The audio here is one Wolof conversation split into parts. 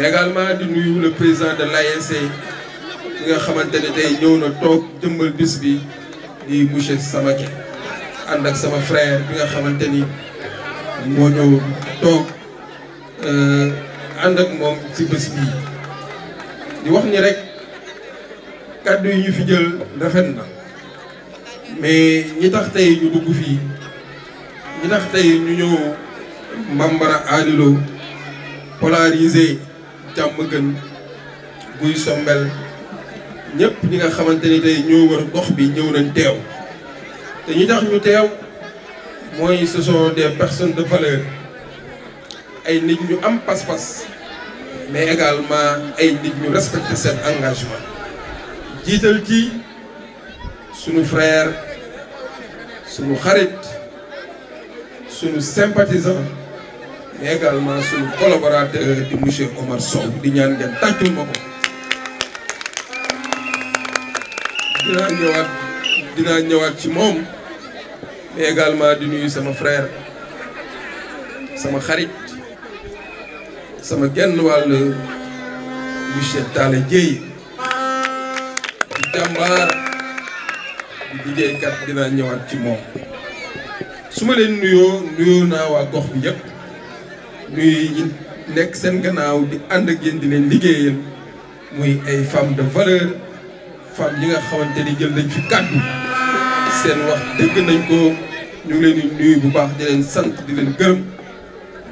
mais également di nuyu le président de l'ASC bi nga xamante ne tey ñëw na toog jëmbal bis bi di sama Samaké ànd ak sama frère bi nga xamante ni moo ñëw toog euh, ànd ak moom ci bés bi di wax ni rek kàddu yi ñu fi jël rafet na mais ñi tax tey ñu dugg fii ñi tax tey ñu ñëw mbambara Adilo polarisé jàmm gën guy sombel ñëpp ñi nga xamante ni tey ñoo wër bi ñëw nañ teew te ñu tax ñu teew mooy ce sont des personnes de valeur ay nit ñu am pas-pas mais également ay nit ñu respecter seen engagement jiital ji sunu frère sunu xarit sunu sympathisant mais également suñu di monsieur Omar Sow di ñaan ngeen tàccul ma ko dinaa ñëwaat dinaa ñëwaat ci moom mais également di nuyu sama frère sama xarit sama genn wàll monsieur Talla Dieye di jàmbaar di dinaa ñëwaat ci moom su ma leen nuyoo nuyoo naa waa gox bi yëpp nuyu ñi nekk seen gannaaw di ànd ak yéen di leen liggéeyal muy ay fam de valeur femme yi nga xamante ni jël nañ fi kàddu seen wax dëgg nañ ko ñu ngi leen di nuyu bu baax di leen sant di leen gërëm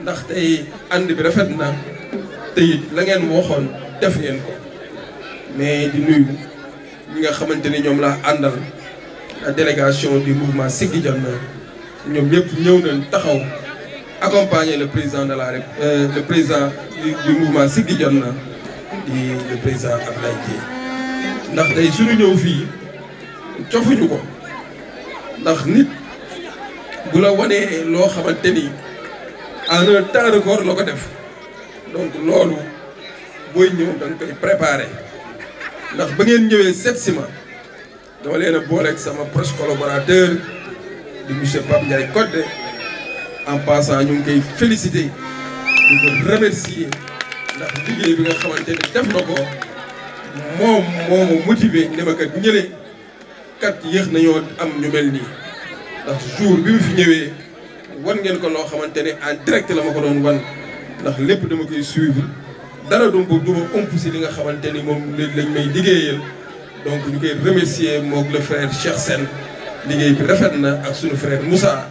ndax tey ànd bi rafet na te la ngeen waxoon def ngeen ko mais di nuyu ñi nga xamante ni ñoom laa àndal la délégation du mouvement Siggi Jotna ñoom ñëpp ñëw nañ taxaw accompagner le président de la euh, le président du, du mouvement Siggi Jotna di le président Abdoulaye Dièye ndax tey suñu ñëw fii cofuñu ko ndax nit bu la wanee loo xamante ni en un record la ko def donc loolu booy ñëw da nga koy préparer ndax ba ngeen ñëwee sept ma dama leen a booleeg sama proche collaborateur di monsieur Pape Ndiaye Codé en passant ñu ngi koy féliciter di ko remercier ndax liggéey bi nga xamante ne def na ko moom moo ma motiver ne kat ñële kat yéex nañoo am ñu mel nii ndax jour bi mu fi ñëwee wan ngeen ko loo xamante ne en direct la ma ko doon wan ndax lépp dama koy suivre dara du ma du si li nga xamante ni moom lañ may liggéeyal donc ñu koy remercier moog le frère Cheikh Sène liggéey bi rafet na ak sunu frère Moussa.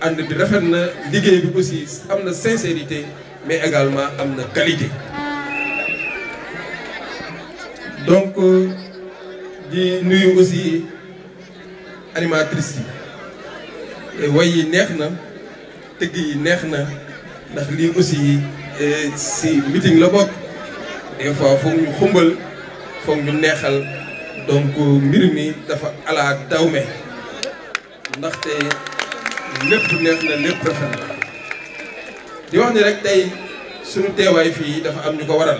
ànd bi rafet na liggéey bi aussi am na sincérité mais également am na qualité donc euh, di nuyu aussi animatrice yi way yi neex na tëgg yi neex na ndax lii aussi euh, si meeting la bokk des fois foog ñu xumbal foog ñu neexal donc euh, mbir mi dafa ala dawme ndaxte lépp neex na lépp rafet na di wax ni rek tey suñu teewaay fii dafa am ñu ko waral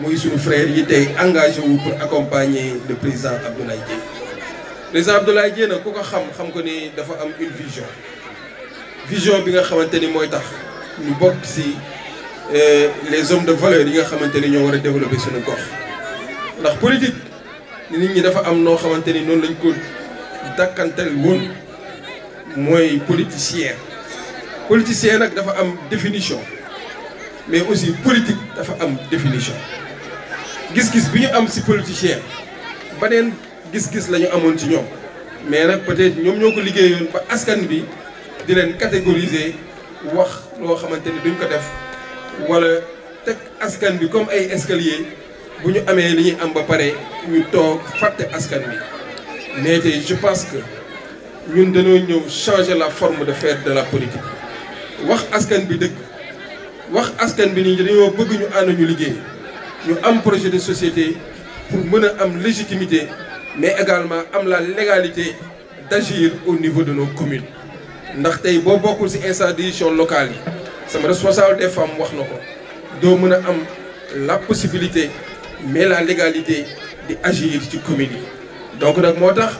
muy suñu frère yi tey engage wu pour accompagner le président Abdoulaye Dièye président Abdoulaye Dièye nag ku ko xam xam ko ni dafa am une vision vision bi nga xamante ni mooy tax ñu bokk ci euh, les hommes de valeur yi nga xamante ni ñoo war a développer suñu gox ndax politique nit ñi dafa am noo xamante ni noonu lañ ko dàkkantel woon mooy politicien politicien nag dafa am définition mais aussi politique dafa am définition gis-gis bi ñu am ci politicien baneen gis-gis la ñu amoon ci ñoom mais nag peut ñoom ñoo ko liggéeyoon ba askan bi di leen catégoriser wax loo xamante ni duñ ko def walla teg askan bi comme ay escalier bu ñu amee li ñuy am ba pare ñu toog fàtte askan bi mais tey je pense que ñun dañoo ñëw changer la forme de faire de la politique wax askan bi dëgg wax askan bi nii dañoo bëgg ñu ànd ñu liggéey ñu am projet de société pour mën a am légitimité mais également am la légalité d'agir au niveau de nos communes ndax tey boo bokkul ci instance de décision locale yi sama responsable des femmes wax na ko doo mën a am la possibilité mais la légalité di agir ci communes yi donc nag moo tax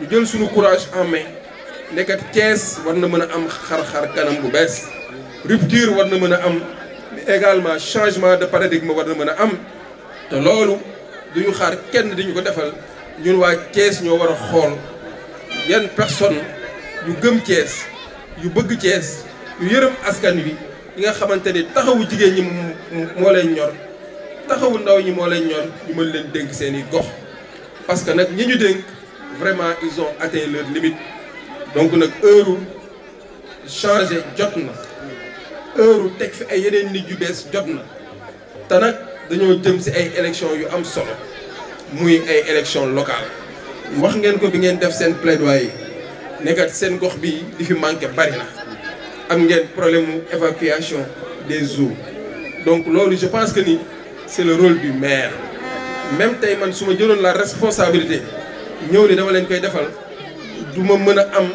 ñu jël suñu courage en main nekkat Thiès war na mën a am xar kanam bu bees rupture war na mën a am mais également changement de paradigme war na mën a am te loolu duñu xaar kenn diñu ko defal ñun waa Thiès ñoo war a xool yan personne yu gëm Thiès yu bëgg Thiès yu yërëm askan wi yi nga xamante ni taxawu jigéen ñi moo leen ñor taxawu ndaw ñi moo leen ñor ñu mën leen dénk seen i gox parce que nag ñi ñu dénk vraiment ils ont atteint leur limite donc nag heure changé jot na heure teg fi ay yeneen nit yu bees jot na te nag dañoo jëm ci ay élections yu am solo muy ay élections locales wax ngeen ko bi ngeen def seen yi nekkat seen gox bi di fi manqué bari na am ngeen problème mu évacuation des eaux donc loolu je pense que ni c'est le rôle du maire même tey man su ma jëloon la responsabilité ñëw ni dama leen koy defal du ma mën a am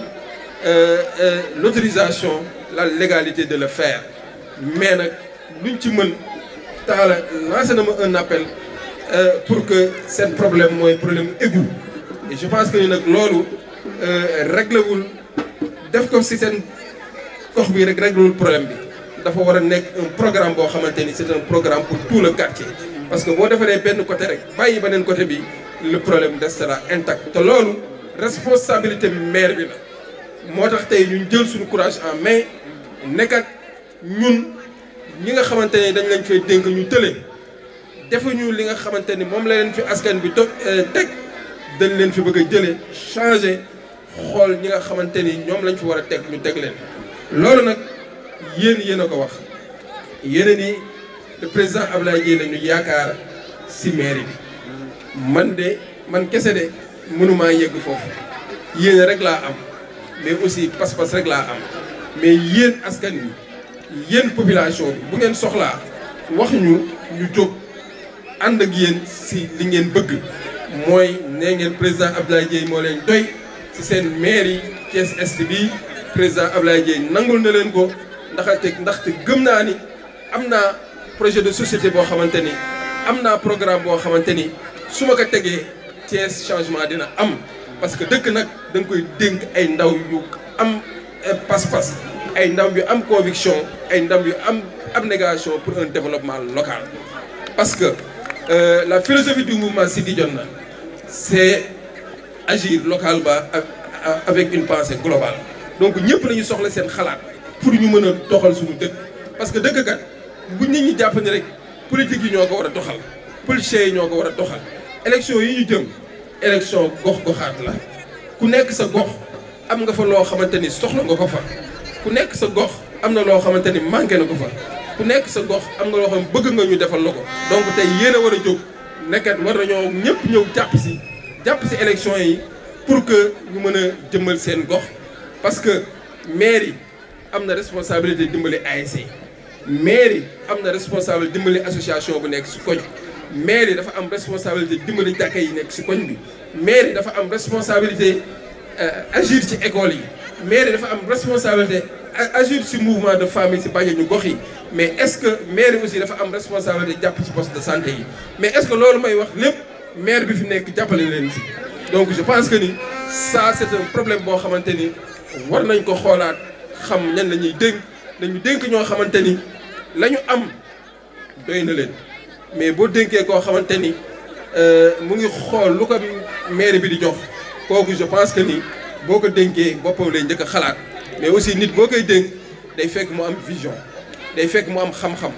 euh, euh, l'autorisation la légalité de le faire mais nag luñ ci mën taala lancé na ma un appel euh, pour que seen problème mooy problème aigu et je pense que ni nag loolu réglé wul def ko si seen gox bi rek réglé wul problème bi dafa war a nekk un programme boo xamante ni c'est un programme pour tout le quartier parce que boo defaree benn côté rek bàyyi beneen côté bi le problème restera intact te loolu responsabilité bi maire bi la moo tax tey ñu jël suñu courage en main nekk ñun ñi nga xamante ne dañ lañ fay dénk ñu tële defuñu li nga xamante ni moom la leen fi askan bi to euh, teg dañ leen fi bëgg a jëlee changer xool ñi nga xamante ni ñoom lañ fi war a teg ñu teg leen. loolu nag yéen yéen a ko wax yéen yi ni président Abdoulaye Dièye la ñu yaakaar si mairie bi. man de man kese de mënumaa yegg foofu yéen rek laa am mais aussi pas-pas rek laa am mais yéen askan wi yéen population bu ngeen soxlaa wax ñu ñu jóg ànd ak yéen si li ngeen bëgg mooy nee ngeen président Abdoulaye Dièye moo leen doy si seen mairie Thiès Est bi président Abdoulaye Dièye nangul na leen ko ndaxate ndaxte gëm naa ni am naa projet de société boo xamante ni am naa programme boo xamante ni su ma ko tegee Thiès changement dina am parce que dëkk nag da koy dénk ay ndaw yu am eh, pas-pas ay ndaw yu am conviction ay ndaw yu am am abnégation pour un développement local parce que euh, la philosophie du mouvement Sidi Dionna c'est agir localement avec une pensée globale donc ñëpp lañu soxla seen xalaat pour ñu mën a doxal sumu dëkk parce que dëkk kat bu nit ñi jàpp rek politique yi ñoo ko war a doxal politiciens yi ñoo ko war a doxal élection yi ñu jëm élection gox-goxaat la ku nekk sa gox am nga fa loo xamante ni soxla nga ko fa ku nekk sa gox am na loo xamante ni manqué na ko fa ku nekk sa gox am nga loo xam bëgg nga ñu defal la ko donc tey yéen war a jóg nekkat war nañoo ñëpp ñëw jàpp si jàpp si élection yi pour que ñu mën a jëmal seen gox parce que maire yi am na responsabilité dimbali ASC e. maire yi am na responsable dimbali association bu nekk su koñ mairie dafa am responsabilité dimbali jàkka yi nekk si koñ bi mairie dafa am responsabilité euh, agir ci école yi mairie dafa am responsabilité agir si mouvement de famille si ñu gox yi mais est-ce que mairie aussi dafa am responsabilité jàpp ci poste de santé yi mais est que loolu may wax lépp maire bi fi nekk jàppale leen si donc je pense que ni ça set problème boo xamante ni war nañ ko xoolaat xam ñan la ñuy dénk nañu dénk ñoo xamante ni la ñu am doy na leen mais boo dénkee koo xamante ni euh, mu ngi xool lu ko maire bi di jox kooku je pense que nii boo ko dénkee boppam lay njëkk a xalaat mais aussi nit boo koy dénk day fekk mu am vision day fekk mu am xam-xam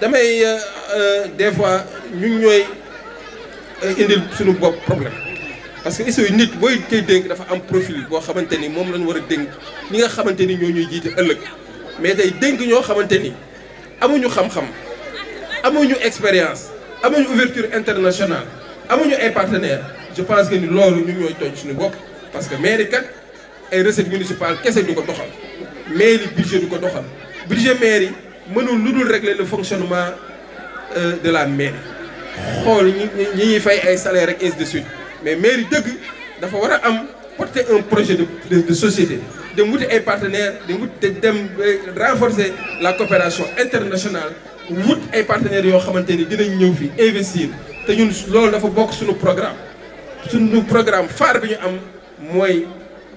damay euh, euh, des fois ñu ñooy indil suñu bopp problème parce que issue nit booy koy dénk dafa am profil boo xamante ni moom lañ war a dénk ñi nga xamante ni ñoo ñuy jiite ëllëg mais day dénk ñoo xamante ni amuñu xam-xam. amuñu expérience amuñu ouverture internationale amuñu ay partenaires je pense que ni loolu ñu ñooy tooñ suñu bopp parce que mairie kat ay recettes municipales kese du ko doxal mairie budget du ko doxal budget mairie mënul lu dul régler le fonctionnement euh, de la mairie xool ñi ñi ñuy fay ay salaires rek ainsi de suite mais mairie dëgg dafa war a am porter un projet de de société dem wuti ay partenaires mu wuti dem renforcer la coopération internationale wut ay partenaires yoo xamante ni dinañ ñëw fi investir te ñun loolu dafa bokk suñu programme suñu programme phare bi ñu am mooy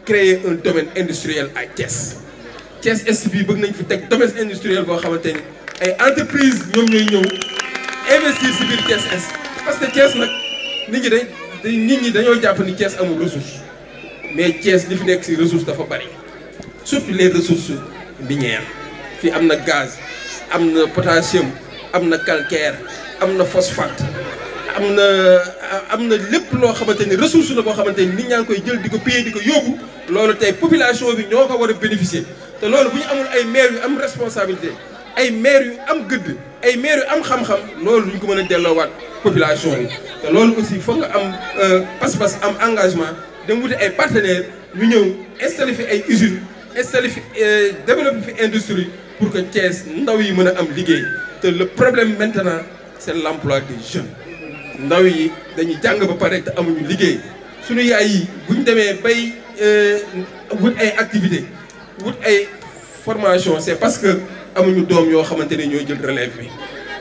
créer un domaine industriel à cees Thiès Est bi bëgg nañ fi teg domaine industriel boo xamante ni ay entreprise ñoom ñooy ñëw investir si biir Thiès Est parce que Thiès nag nit ñi dañ nit ñi dañoo jàpp ni Thiès amul ressource mais Thiès li fi nekk si ressource dafa bari surtout les ressources minières fii am na gaz am na potassium am na calcaire am na phosphate am na am na lépp loo xamante ni ressource la boo xamante ni nit ñaa ngi koy jël di ko payer di ko yóbbu loolu tey population bi ñoo ko war a bénéficier te loolu bu ñu amul ay maire yu am responsabilité ay maire yu am gëdd ay maire yu am xam-xam loolu duñ ko mën a delloowaat population bi te loolu aussi foo nga am euh, pas-pas am engagement dem wuti ay partenaires ñu ñëw installé ay usines installé fi euh, développé fi industrie pour que cees ndaw yi mën a am liggéey te le problème maintenant c' est l' emploi des ndaw yi dañuy jàng ba pare te amuñu liggéey sunu yaay yi bu ñu demee bay euh, wut ay activité wut ay formation c' est parce que amuñu doom yoo xamante ne ñoo jël relève bi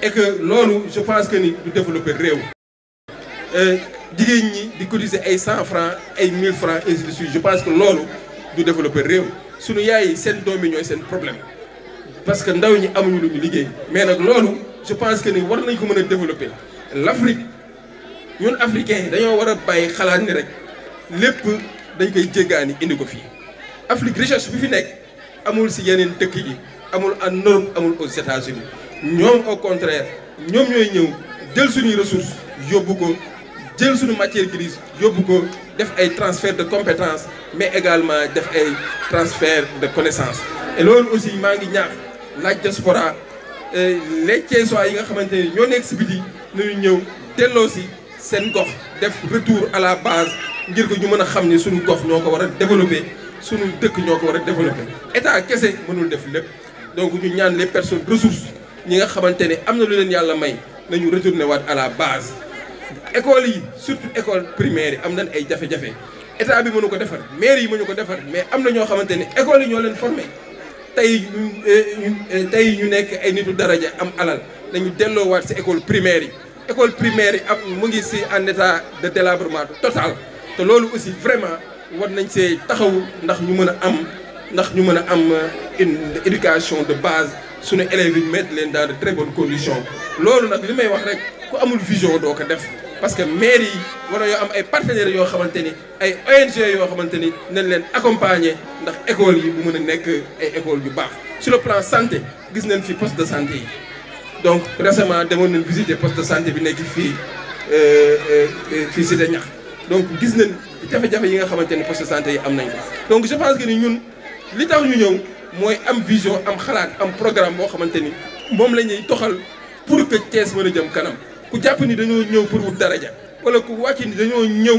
et que loolu je pense que ni du développer réew euh, jigéen ñi di cotiser ay cent francs ay mille francs ainsi je pense que loolu du développer réew suñu yaay yi seen doom yi ñooy seen problème parce que ndaw ñi amuñu lu ñu liggéey mais nag loolu je pense que ni war nañ ko mën a développer l'Afrique ñun africains yi dañoo war a bàyyi xalaat ni rek lépp dañ koy jéggaani indi ko fii Afrique richesse bi fi nekk amul si yeneen dëkk yi amul en Europe amul aux États-Unis ñoom au contraire ñoom ñooy ñëw jël suñuy ressources yóbbu ko jël suñu matière grise yóbbu ko def ay transfert de compétence mais également def ay transfert de connaissance et loolu aussi maa ngi ñaax la diaspora euh, les Thiessois yi nga xamante ni ñoo nekk si biti nañu ñëw delloo si seen gox def retour à la base ngir ko ñu mën a xam ni suñu gox ñoo ko war a développer suñu dëkk ñoo ko war a développer état kese mënul def lépp donc ñu ñaan les personnes ressources ñi nga xamante ne am na lu leen yàlla may nañu retourner waat à la base école yi surtout école primaire yi am nañ ay jafe-jafe état bi mënu ko defar maire yi mënu ko defar mais am na ñoo xamante ni école yi ñoo leen formé tey eh, eh, tey ñu nekk ay nitu daraja am alal nañu delloowaat si école primaire yi école primaire yi am mu ngi si en état de délabrement total te loolu aussi vraiment war nañ see taxawu ndax ñu mën a am ndax ñu mën a am euh, une éducation de base suñu élèves yi mettre leen daal de très bonnes loolu nag li may wax rek ku amul vision doo ko def parce que maire yi war na yoo am ay partenaires yoo xamante ni ay ONG yoo xamante ni nañ leen accompagner ndax école yi bu mën a nekk ay école yu baax sur le plan santé gis nañ fi poste de santé yi donc récemment demoon nañ visiter poste de santé bi nekk fii euh, euh, fii de ñax donc gis nañ jafe-jafe yi nga xamante ni poste de santé yi am nañ ko donc je pense ni ñun li tax ñu ñëw mooy am vision am xalaat am programme boo xamante ni moom la ñuy toxal pour que Thiès mën a jëm kanam ku jàpp ni dañoo ñëw pour wut daraja wala ku wàcc ni dañoo ñëw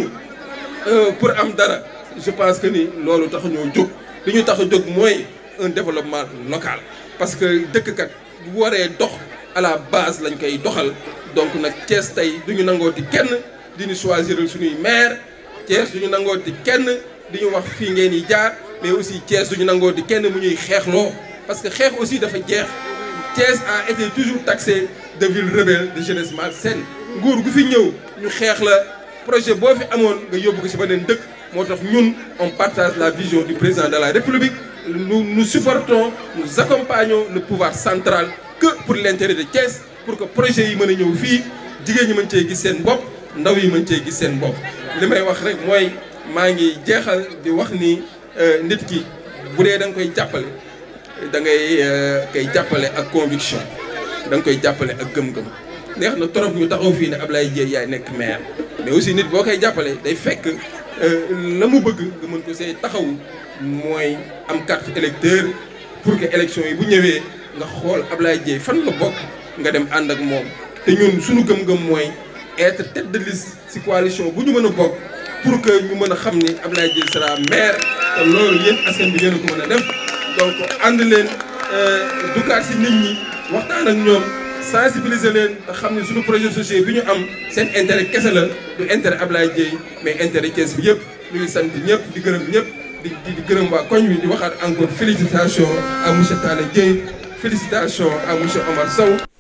euh, pour am dara je pense que ni loolu tax ñoo jóg li ñu tax jóg mooy un développement local parce que dëkkkat bu waree dox à base lañ koy doxal donc nag Thiès tey du ñu nangooti kenn di ñu choisiral suñuy maire Thiès du ñu nangooti kenn di ñu wax fii ngeen yi jaar mais aussi Thiès duñu nangoo di kenn mu ñuy xeexloo parce que xeex aussi dafa jeex Thiès a été toujours taxé de ville rebelle de jeunesse malsaine nguur gu fi ñëw ñu xeex la projet boo fi amoon nga yóbbu ko ci beneen dëkk moo tax ñun on partage la vision du président de la République nous nous supportons nous accompagnons le pouvoir central que pour l'intérêt de Thiès pour que projet yi mën a ñëw fii jigéen ñi mën cee gis seen bopp ndaw yi mën cee gis seen bopp li may wax rek mooy maa ngi jeexal di wax ni Euh, nit ki bu dee da nga koy jàppale da ngay euh, koy jàppale ak conviction da nga koy jàppale ak gëm-gëm neex na trop ñu taxaw fii ne Ablaye Dièye yaay nekk maire mais aussi nit boo koy jàppale day fekk euh, la mu bëgg nga mën ko see taxaw mooy am carte électeur pour que élection yi bu ñëwee nga xool Ablaye Dièye fan la bokk nga dem ànd ak moom te ñun suñu gëm-gëm mooy être tête de liste ci coalition bu ñu mën a bokk pour que ñu mën a xam ni Ablaye Dièye sera maire te loolu yéen askan bi yéen ko mën a def donc ànd leen euh, duggaat si nit ñi waxtaan ak ñoom sensibiliser leen te xam ne suñu projet social bi ñu am seen intérêt kese la du ab Ablaye Dieye mais intérêt Thiès bi yëpp ñu ngi sant ñëpp di gërëm ñëpp di di gërëm waa koñ bi di waxaat encore félicitation à monsieur Talla Dieye félicitation à monsieur Omar Sow